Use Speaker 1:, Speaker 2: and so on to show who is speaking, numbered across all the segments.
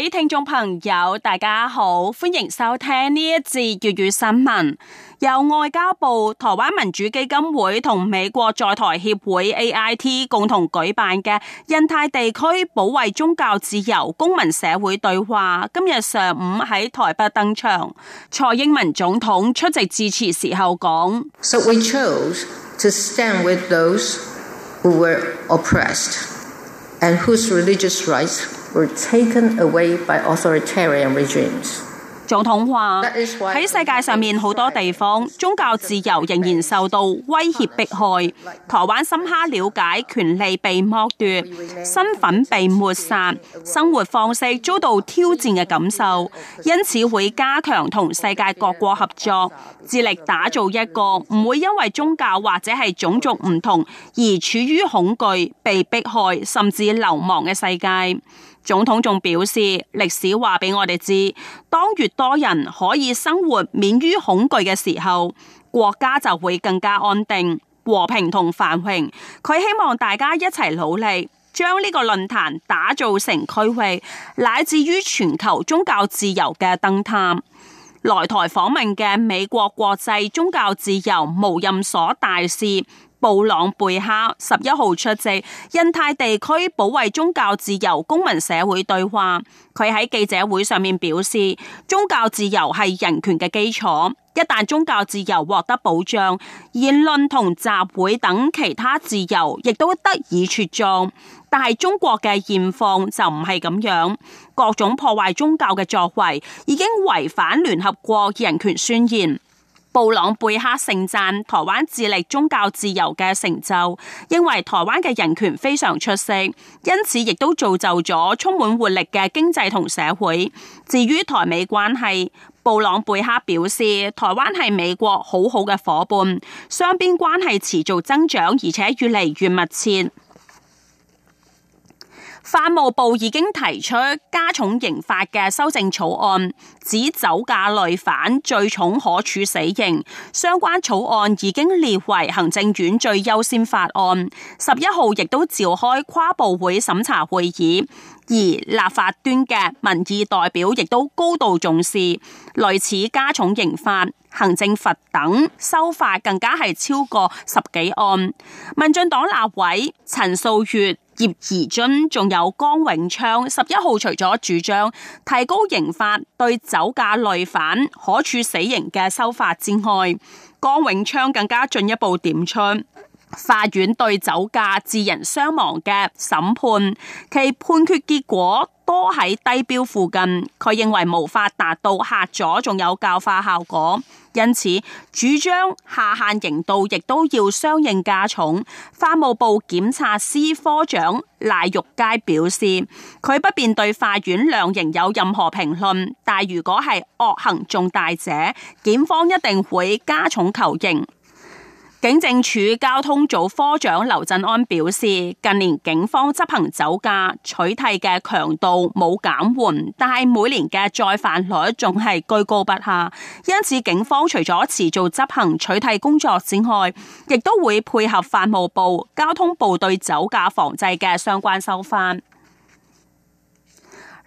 Speaker 1: 各位聽眾朋友，大家好，歡迎收聽呢一節粵語新聞。由外交部、台灣民主基金會同美國在台協會 AIT 共同舉辦嘅印太地區保衛宗教自由公民社會對話，今日上午喺台北登場。蔡英文總統出席致辭時候講：So we chose to stand with those who were oppressed and whose religious rights。were taken away by authoritarian regimes。總統話：喺世界上面好多地方，宗教自由仍然受到威脅迫害。台灣深刻了解權利被剝奪、身份被抹殺、生活方式遭到挑戰嘅感受，因此會加強同世界各國合作，致力打造一個唔會因為宗教或者係種族唔同而處於恐懼、被迫害，甚至流亡嘅世界。總統仲表示，歷史話俾我哋知，當越多人可以生活免於恐懼嘅時候，國家就會更加安定、和平同繁榮。佢希望大家一齊努力，將呢個論壇打造成區域乃至於全球宗教自由嘅燈塔。來台訪問嘅美國國際宗教自由無任所大使，布朗貝克十一號出席印太地區保衛宗教自由公民社會對話。佢喺記者會上面表示，宗教自由係人權嘅基礎，一旦宗教自由獲得保障，言論同集會等其他自由亦都得以茁壯。但係中國嘅現況就唔係咁樣，各種破壞宗教嘅作為已經違反聯合國人權宣言。布朗貝克盛讚台灣致力宗教自由嘅成就，認為台灣嘅人權非常出色，因此亦都造就咗充滿活力嘅經濟同社會。至於台美關係，布朗貝克表示，台灣係美國好好嘅夥伴，雙邊關係持續增長，而且越嚟越密切。法務部已經提出加重刑罰嘅修正草案，指酒駕累犯最重可處死刑。相關草案已經列為行政院最優先法案。十一號亦都召開跨部會審查會議，而立法端嘅民意代表亦都高度重視類似加重刑罰、行政罰等修法，更加係超過十幾案。民進黨立委陳素月。葉宜津仲有江永昌，十一號除咗主張提高刑法對酒駕累犯可處死刑嘅修法之外，江永昌更加進一步點出。法院對酒駕致人傷亡嘅審判，其判決結果多喺低標附近。佢認為無法達到嚇阻仲有教化效果，因此主張下限刑度亦都要相應加重。法務部檢察司科長賴玉佳表示，佢不便對法院量刑有任何評論，但如果係惡行重大者，檢方一定會加重求刑。警政署交通組科長劉振安表示，近年警方執行酒駕取締嘅強度冇減緩，但係每年嘅再犯率仲係居高不下，因此警方除咗持續執行取締工作之外，亦都會配合法務部交通部對酒駕防制嘅相關修法。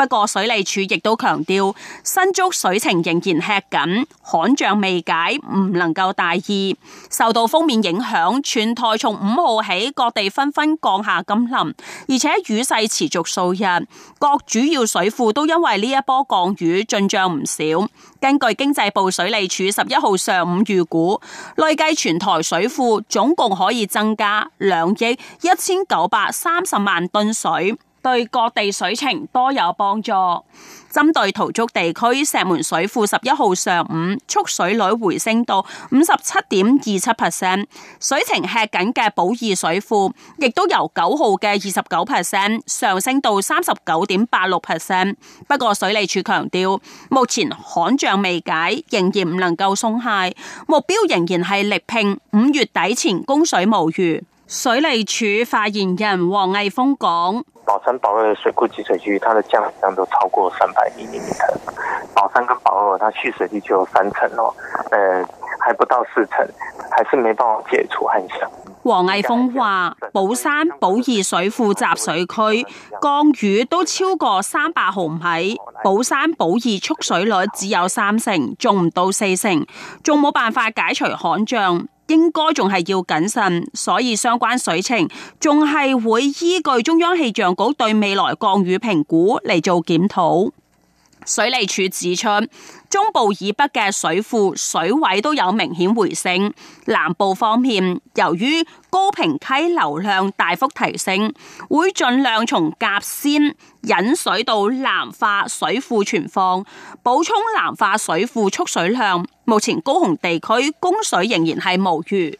Speaker 1: 不過水利署亦都強調，新竹水情仍然吃緊，旱象未解，唔能夠大意。受到鋒面影響，全台從五號起各地紛紛降下甘霖，而且雨勢持續數日，各主要水庫都因為呢一波降雨進賬唔少。根據經濟部水利署十一號上午預估，累計全台水庫總共可以增加兩億一千九百三十萬噸水。對各地水情多有幫助。針對桃竹地區石門水庫，十一號上午蓄水率回升到五十七點二七 percent，水情吃緊嘅寶二水庫亦都由九號嘅二十九 percent 上升到三十九點八六 percent。不過水利署強調，目前旱象未解，仍然唔能夠鬆懈，目標仍然係力拼五月底前供水無虞。水利署發言人毅黃毅峰講：寶山寶二水庫集水區，它的降雨量都超過三百厘米。寶山跟寶二，它蓄水率只有三成咯，呃，還不到四成，還是沒辦法解除旱象。黃毅峰話：寶山寶二水庫集水區降雨都超過三百毫米，寶山寶二蓄水率只有三成，仲唔到四成，仲冇辦法解除旱象。應該仲係要謹慎，所以相關水情仲係會依據中央氣象局對未來降雨評估嚟做檢討。水利署指出，中部以北嘅水庫水位都有明顯回升。南部方面，由於高平溪流量大幅提升，會盡量從甲仙引水到南化水庫存放，補充南化水庫蓄水量。目前高雄地區供水仍然係無虞。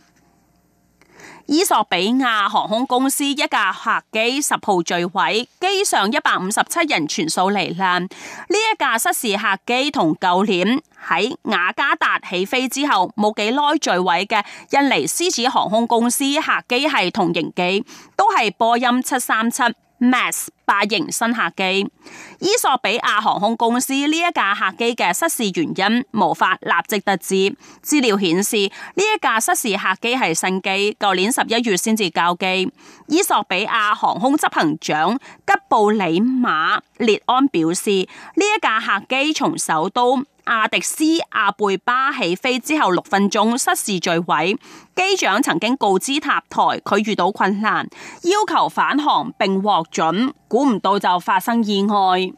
Speaker 1: 衣索比亞航空公司一架客機十號墜毀，機上一百五十七人全數罹難。呢一架失事客機同舊年喺雅加達起飛之後冇幾耐墜毀嘅印尼獅子航空公司客機係同型機，都係波音七三七 Max。大型新客機，衣索比亞航空公司呢一架客機嘅失事原因無法立即得知。資料顯示，呢一架失事客機係新機，舊年十一月先至交機。衣索比亞航空執行長吉布里馬列安表示，呢一架客機從首都。阿迪斯阿貝巴起飛之後六分鐘失事墜毀，機長曾經告知塔台佢遇到困難，要求返航並獲准，估唔到就發生意外。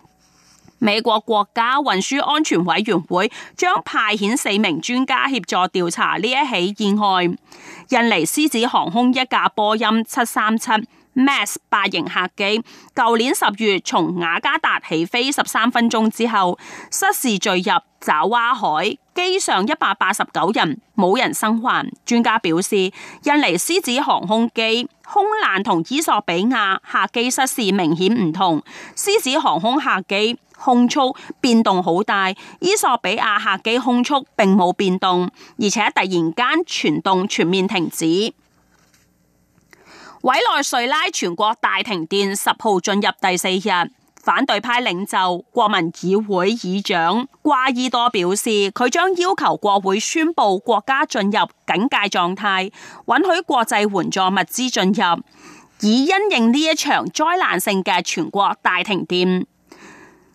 Speaker 1: 美國國家運輸安全委員會將派遣四名專家協助調查呢一起意外。印尼獅子航空一架波音七三七 Max 八型客機舊年十月從雅加達起飛十三分鐘之後失事墜入爪哇海，機上一百八十九人冇人生還。專家表示，印尼獅子航空機空難同伊索比亞客機失事明顯唔同。獅子航空客機空速變動好大，伊索比亞客機空速並冇變動，而且突然間傳動全面停止。委內瑞拉全國大停電十號進入第四日，反對派領袖國民議會議長瓜伊多表示，佢將要求國會宣布國家進入警戒狀態，允許國際援助物資進入，以因應呢一場災難性嘅全國大停電。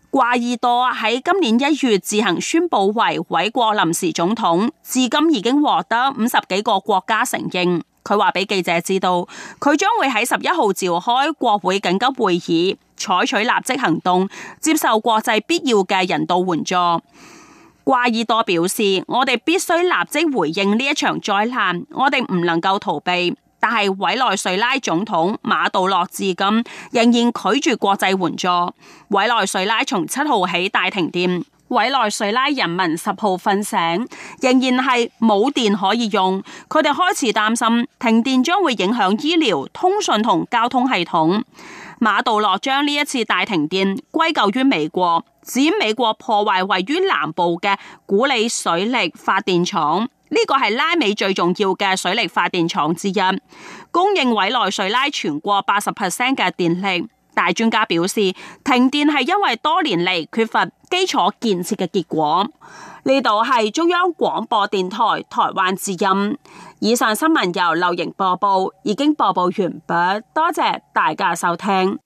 Speaker 1: 瓜伊多喺今年一月自行宣布為委國臨時總統，至今已經獲得五十幾個國家承認。佢話俾記者知道，佢將會喺十一號召開國會緊急會議，採取立即行動，接受國際必要嘅人道援助。瓜伊多表示，我哋必須立即回應呢一場災難，我哋唔能夠逃避。但係委內瑞拉總統馬杜洛至今仍然拒絕國際援助。委內瑞拉從七號起大停電。委內瑞拉人民十號瞓醒，仍然係冇電可以用，佢哋開始擔心停電將會影響醫療、通訊同交通系統。馬杜羅將呢一次大停電歸咎於美國，指美國破壞位於南部嘅古里水力發電廠，呢個係拉美最重要嘅水力發電廠之一，供應委內瑞拉全國八十 percent 嘅電力。大專家表示，停電係因為多年嚟缺乏基礎建設嘅結果。呢度係中央廣播電台「台灣之音」。以上新聞由劉瑩播報，已經播報完畢，多謝大家收聽。